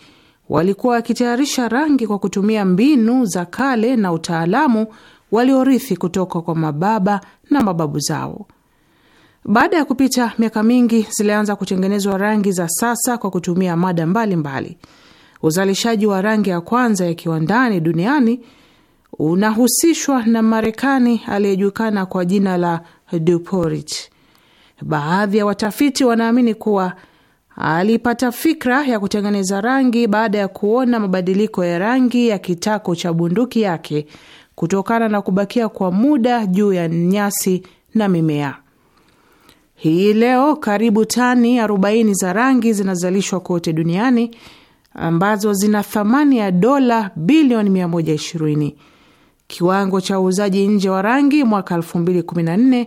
walikuwa wakitayarisha rangi kwa kutumia mbinu za kale na utaalamu waliorithi kutoka kwa mababa na mababu zao. Baada ya kupita miaka mingi, zilianza kutengenezwa rangi za sasa kwa kutumia mada mbalimbali mbali. Uzalishaji wa rangi ya kwanza ya kiwandani duniani unahusishwa na Marekani aliyejulikana kwa jina la Duporit. Baadhi ya watafiti wanaamini kuwa alipata fikra ya kutengeneza rangi baada ya kuona mabadiliko ya rangi ya kitako cha bunduki yake kutokana na kubakia kwa muda juu ya nyasi na mimea. Hii leo karibu tani 40 za rangi zinazalishwa kote duniani ambazo zina thamani ya dola bilioni 120. Kiwango cha uuzaji nje wa rangi mwaka 2014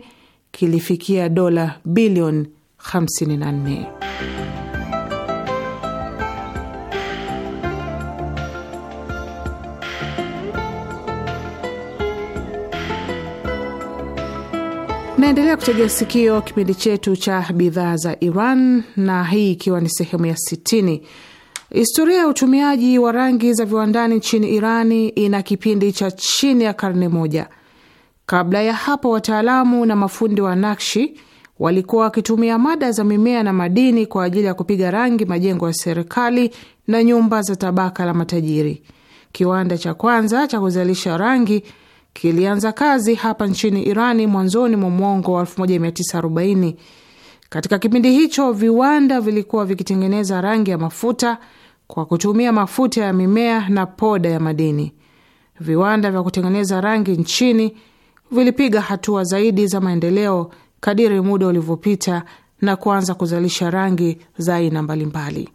kilifikia dola bilioni 54. Naendelea kutegea sikio kipindi chetu cha bidhaa za Iran na hii ikiwa ni sehemu ya sitini. Historia ya utumiaji wa rangi za viwandani nchini Irani ina kipindi cha chini ya karne moja. Kabla ya hapo, wataalamu na mafundi wa nakshi walikuwa wakitumia mada za mimea na madini kwa ajili ya kupiga rangi majengo ya serikali na nyumba za tabaka la matajiri. Kiwanda cha kwanza cha kuzalisha rangi kilianza kazi hapa nchini Irani mwanzoni mwa mwongo wa 1940. Katika kipindi hicho viwanda vilikuwa vikitengeneza rangi ya mafuta kwa kutumia mafuta ya mimea na poda ya madini. Viwanda vya kutengeneza rangi nchini vilipiga hatua zaidi za maendeleo kadiri muda ulivyopita na kuanza kuzalisha rangi za aina mbalimbali.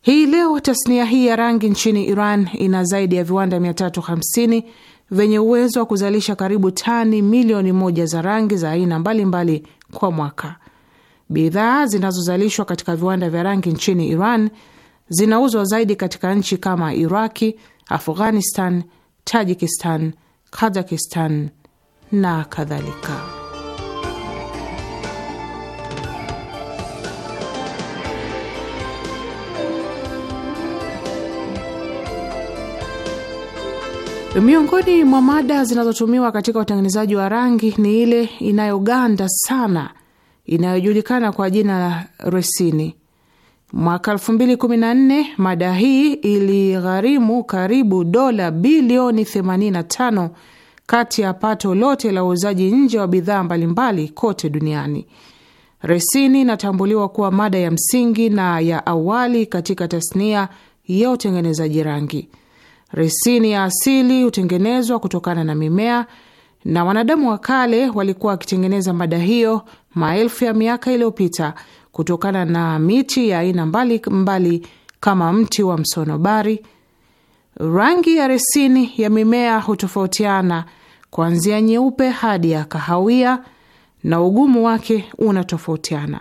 Hii leo tasnia hii ya rangi nchini Iran ina zaidi ya viwanda 350 vyenye uwezo wa kuzalisha karibu tani milioni moja za rangi za aina mbalimbali kwa mwaka. Bidhaa zinazozalishwa katika viwanda vya rangi nchini Iran zinauzwa zaidi katika nchi kama Iraki, Afghanistan, Tajikistan, Kazakistan na kadhalika. Miongoni mwa mada zinazotumiwa katika utengenezaji wa rangi ni ile inayoganda sana inayojulikana kwa jina la resini. Mwaka nne mada hii iligharimu karibu dola bilioni 85 kati ya pato lote la uuzaji nje wa bidhaa mbalimbali kote duniani. Resini inatambuliwa kuwa mada ya msingi na ya awali katika tasnia ya utengenezaji rangi. Resini ya asili hutengenezwa kutokana na mimea na wanadamu wa kale walikuwa wakitengeneza mada hiyo maelfu ya miaka iliyopita kutokana na miti ya aina mbalimbali kama mti wa msonobari. Rangi ya resini ya mimea hutofautiana kuanzia nyeupe hadi ya kahawia na ugumu wake unatofautiana.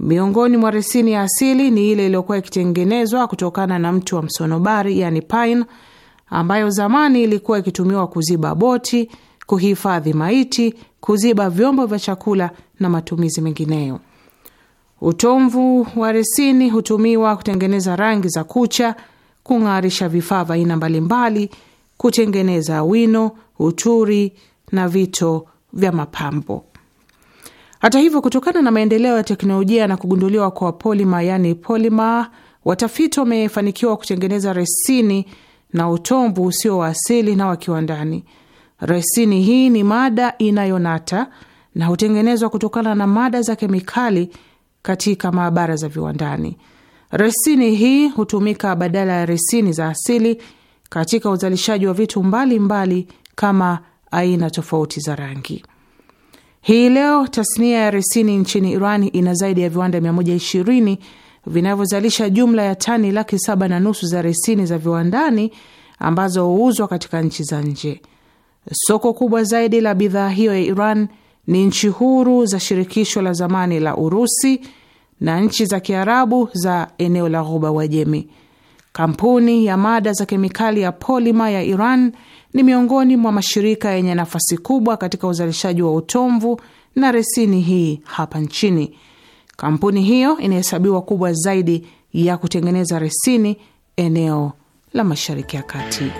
Miongoni mwa resini ya asili ni ile iliyokuwa ikitengenezwa kutokana na mti wa msonobari, yani pine, ambayo zamani ilikuwa ikitumiwa kuziba boti, kuhifadhi maiti, kuziba vyombo vya chakula na matumizi mengineyo. Utomvu wa resini hutumiwa kutengeneza rangi za kucha, kung'arisha vifaa vya aina mbalimbali, kutengeneza wino, uturi na vito vya mapambo. Hata hivyo, kutokana na maendeleo ya teknolojia na kugunduliwa kwa polima, yani polima, watafiti wamefanikiwa kutengeneza resini na utomvu usio wa asili na wa kiwandani. Resini hii ni mada inayonata na hutengenezwa kutokana na mada za kemikali katika maabara za viwandani. Resini hii hutumika badala ya resini za asili katika uzalishaji wa vitu mbalimbali mbali kama aina tofauti za rangi. Hii leo tasnia ya resini nchini Iran ina zaidi ya viwanda 120 vinavyozalisha jumla ya tani laki saba na nusu za resini za viwandani ambazo huuzwa katika nchi za nje. Soko kubwa zaidi la bidhaa hiyo ya Iran ni nchi huru za shirikisho la zamani la Urusi na nchi za Kiarabu za eneo la Ghuba Wajemi. Kampuni ya mada za kemikali ya polima ya Iran ni miongoni mwa mashirika yenye nafasi kubwa katika uzalishaji wa utomvu na resini hii hapa nchini. Kampuni hiyo inahesabiwa kubwa zaidi ya kutengeneza resini eneo la Mashariki ya Kati.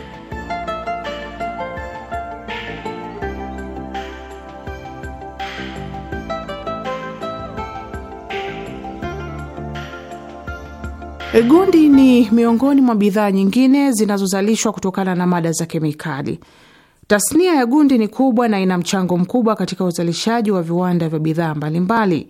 Eh, gundi ni miongoni mwa bidhaa nyingine zinazozalishwa kutokana na mada za kemikali. Tasnia ya gundi ni kubwa na ina mchango mkubwa katika uzalishaji wa viwanda vya bidhaa mbalimbali.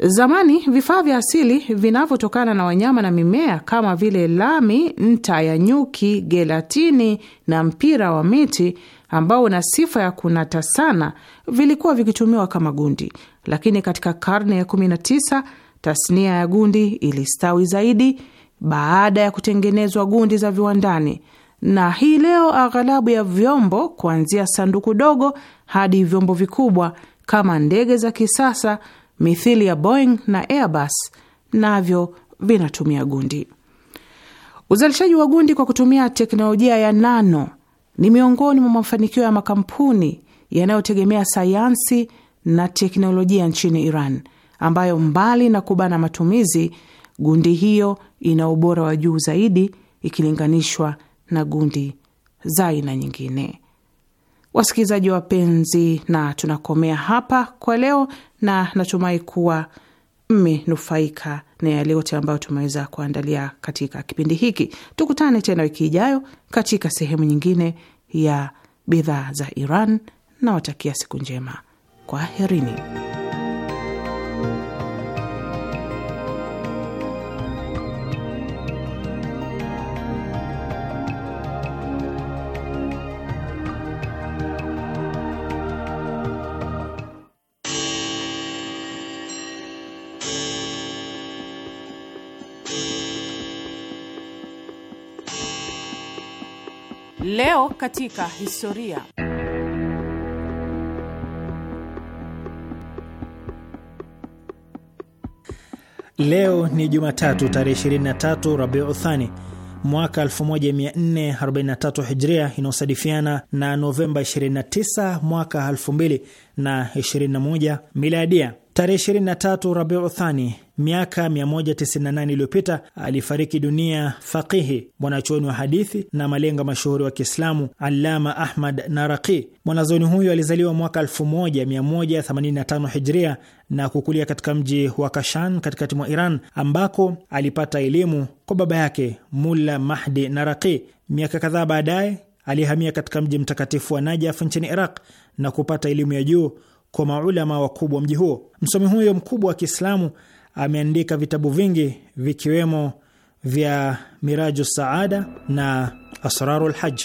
Zamani vifaa vya asili vinavyotokana na wanyama na mimea kama vile lami, nta ya nyuki, gelatini na mpira wa miti ambao una sifa ya kunata sana vilikuwa vikitumiwa kama gundi, lakini katika karne ya 19 Tasnia ya gundi ilistawi zaidi baada ya kutengenezwa gundi za viwandani, na hii leo aghalabu ya vyombo kuanzia sanduku dogo hadi vyombo vikubwa kama ndege za kisasa mithili ya Boeing na Airbus navyo vinatumia gundi. Uzalishaji wa gundi kwa kutumia teknolojia ya nano ni miongoni mwa mafanikio ya makampuni yanayotegemea sayansi na teknolojia nchini Iran ambayo mbali na kubana matumizi, gundi hiyo ina ubora wa juu zaidi ikilinganishwa na gundi za aina nyingine. Wasikilizaji wapenzi, na tunakomea hapa kwa leo, na natumai kuwa mmenufaika na yale yote ambayo tumeweza kuandalia katika kipindi hiki. Tukutane tena wiki ijayo katika sehemu nyingine ya bidhaa za Iran, na watakia siku njema. Kwaherini. Leo katika historia. Leo ni Jumatatu tarehe 23 Rabiu Thani mwaka 1443 Hijria, inayosadifiana na Novemba 29 mwaka 2021 Miladia. Tarehe 23 Rabiu Thani miaka 198 iliyopita alifariki dunia faqihi, mwanachuoni wa hadithi na malenga mashuhuri wa Kiislamu Allama Ahmad Naraqi. mwanazoni huyo alizaliwa mwaka 1185 Hijria na kukulia katika mji wa Kashan katikati mwa Iran, ambako alipata elimu kwa baba yake Mulla Mahdi Naraqi. Miaka kadhaa baadaye alihamia katika mji mtakatifu wa Najaf nchini Iraq na kupata elimu ya juu kwa maulama wakubwa mji huo. Msomi huyo mkubwa wa Kiislamu ameandika vitabu vingi vikiwemo vya Miraju Saada na Asraru Lhaj.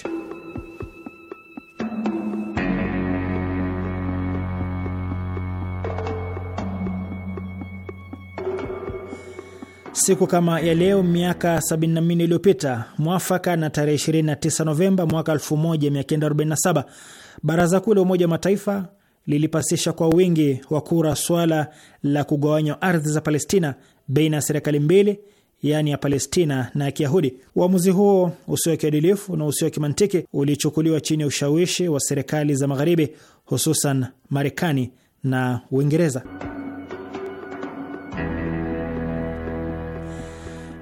Siku kama ya leo miaka 74 iliyopita mwafaka na tarehe 29 Novemba mwaka 1947, baraza kuu la Umoja wa Mataifa lilipasisha kwa wingi wa kura swala la kugawanywa ardhi za Palestina baina ya serikali mbili, yaani ya Palestina na ya Kiyahudi. Uamuzi huo usio wa kiadilifu na usio wa kimantiki ulichukuliwa chini ya ushawishi wa serikali za Magharibi, hususan Marekani na Uingereza.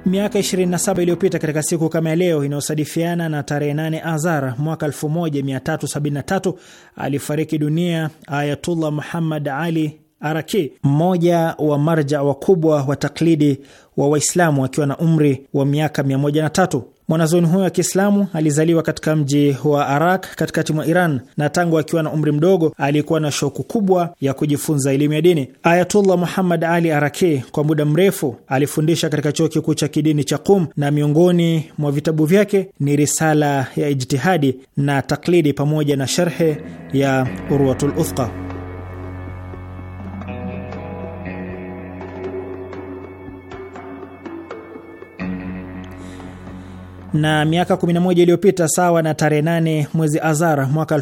Miaka 27 iliyopita katika siku kama ya leo inayosadifiana na tarehe 8 Azar mwaka 1373 alifariki dunia Ayatullah Muhammad Ali Araki, mmoja wa marja wakubwa wa taklidi wa Waislamu akiwa na umri wa miaka 103 mwanazoni huyo wa Kiislamu alizaliwa katika mji wa Arak katikati mwa Iran, na tangu akiwa na umri mdogo alikuwa na shauku kubwa ya kujifunza elimu ya dini. Ayatullah Muhammad Ali Araki kwa muda mrefu alifundisha katika chuo kikuu cha kidini cha Qum, na miongoni mwa vitabu vyake ni risala ya Ijtihadi na Taklidi pamoja na sharhe ya Urwatul Uthqa. na miaka 11 iliyopita sawa na tarehe 8 mwezi Azar mwaka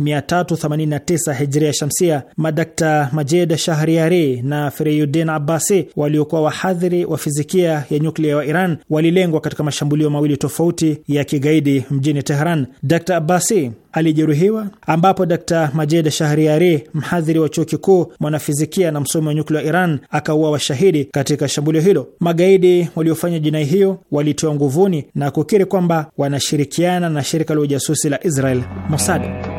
389 hijria shamsia. Madakta Majed Shahriari na fereyudin Abbasi waliokuwa wahadhiri wa fizikia ya nyuklia wa Iran walilengwa katika mashambulio mawili tofauti ya kigaidi mjini teheran Dr Abbasi alijeruhiwa ambapo Dr Majed Shahriari, mhadhiri wa chuo kikuu, mwanafizikia na msomi wa nyuklia wa Iran, akaua washahidi katika shambulio hilo. Magaidi waliofanya jinai hiyo walitiwa nguvuni na kukiri kwamba wanashirikiana na shirika la ujasusi la Israel, Mossad.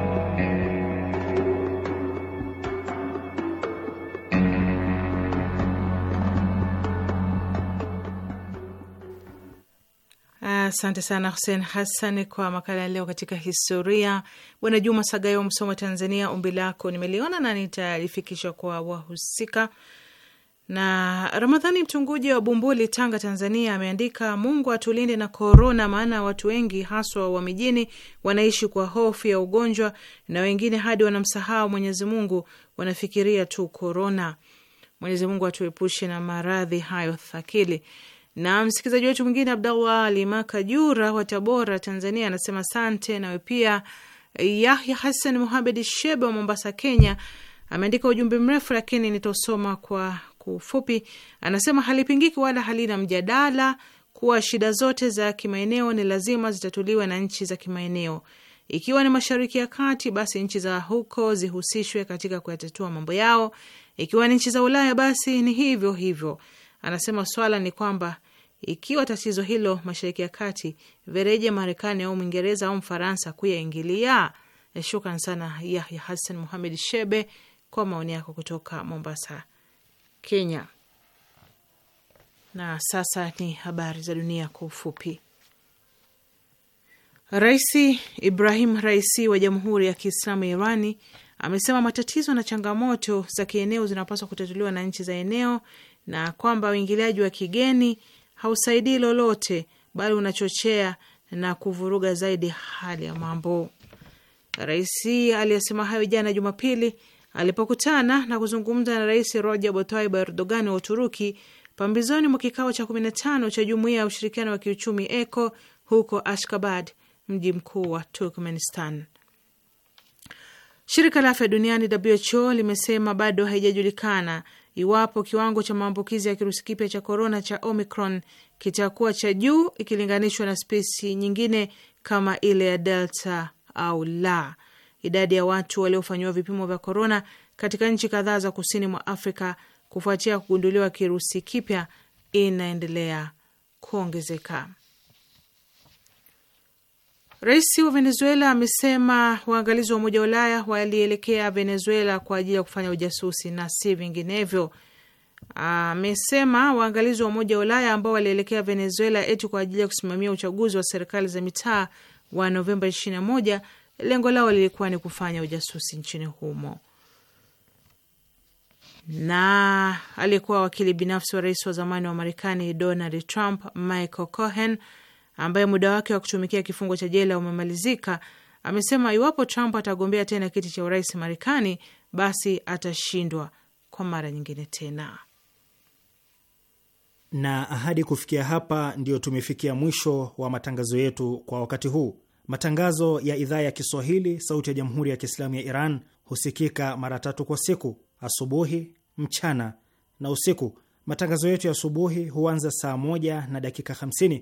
Asante sana Hussein Hassan kwa makala ya leo katika historia. Bwana Juma Sagayo wa Msoma, Tanzania, ombi lako nimeliona na nitalifikisha kwa wahusika. Na Ramadhani mtunguji wa Bumbuli, Tanga, Tanzania, ameandika Mungu atulinde na korona, maana watu wengi haswa wa mijini wanaishi kwa hofu ya ugonjwa na wengine hadi wanamsahau Mwenyezi Mungu, wanafikiria tu korona. Mwenyezi Mungu atuepushe na maradhi hayo thakili. Na msikilizaji wetu mwingine Abdallah Limaka Jura wa Tabora, Tanzania, anasema sante. Nawe pia Yahya Hassan Muhamed Shebe wa Mombasa, Kenya, ameandika ujumbe mrefu, lakini nitausoma kwa kufupi. Anasema halipingiki wala halina mjadala kuwa shida zote za kimaeneo ni lazima zitatuliwe na nchi za kimaeneo. Ikiwa ni Mashariki ya Kati, basi nchi za huko zihusishwe katika kuyatatua mambo yao. Ikiwa ni nchi za Ulaya, basi ni hivyo hivyo. Anasema swala ni kwamba ikiwa tatizo hilo mashariki ya kati, vereje Marekani au Mwingereza au Mfaransa kuyaingilia? Shukran sana Yahya Hassan Muhamed Shebe kwa maoni yako kutoka Mombasa, Kenya. Na sasa ni habari za dunia kwa ufupi. Rais Ibrahim Raisi wa Jamhuri ya Kiislamu Irani amesema matatizo na changamoto za kieneo zinapaswa kutatuliwa na nchi za eneo na kwamba uingiliaji wa kigeni hausaidii lolote, bali unachochea na kuvuruga zaidi hali ya mambo. Rais aliyesema hayo jana Jumapili alipokutana na kuzungumza na Rais Recep Tayyip Erdogan wa Uturuki pambizoni mwa kikao cha 15 cha Jumuiya ya Ushirikiano wa Kiuchumi ECO huko Ashkabad, mji mkuu wa Turkmenistan. Shirika la Afya Duniani WHO limesema bado haijajulikana iwapo kiwango cha maambukizi ya kirusi kipya cha korona cha Omicron kitakuwa cha juu ikilinganishwa na spesi nyingine kama ile ya Delta au la. Idadi ya watu waliofanyiwa vipimo vya korona katika nchi kadhaa za kusini mwa Afrika kufuatia kugunduliwa kirusi kipya inaendelea kuongezeka. Rais wa Venezuela amesema waangalizi wa Umoja wa Ulaya walielekea Venezuela kwa ajili ya kufanya ujasusi na si vinginevyo. Amesema waangalizi wa Umoja wa Ulaya ambao walielekea Venezuela eti kwa ajili ya kusimamia uchaguzi wa serikali za mitaa wa Novemba 21 lengo lao lilikuwa ni kufanya ujasusi nchini humo. Na aliyekuwa wakili binafsi wa rais wa zamani wa Marekani Donald Trump Michael Cohen ambaye muda wake wa kutumikia kifungo cha jela umemalizika, amesema iwapo Trump atagombea tena kiti cha urais Marekani, basi atashindwa kwa mara nyingine tena. Na ahadi kufikia hapa, ndiyo tumefikia mwisho wa matangazo yetu kwa wakati huu. Matangazo ya idhaa ya Kiswahili sauti ya jamhuri ya Kiislamu ya Iran husikika mara tatu kwa siku: asubuhi, mchana na usiku. Matangazo yetu ya asubuhi huanza saa moja na dakika 50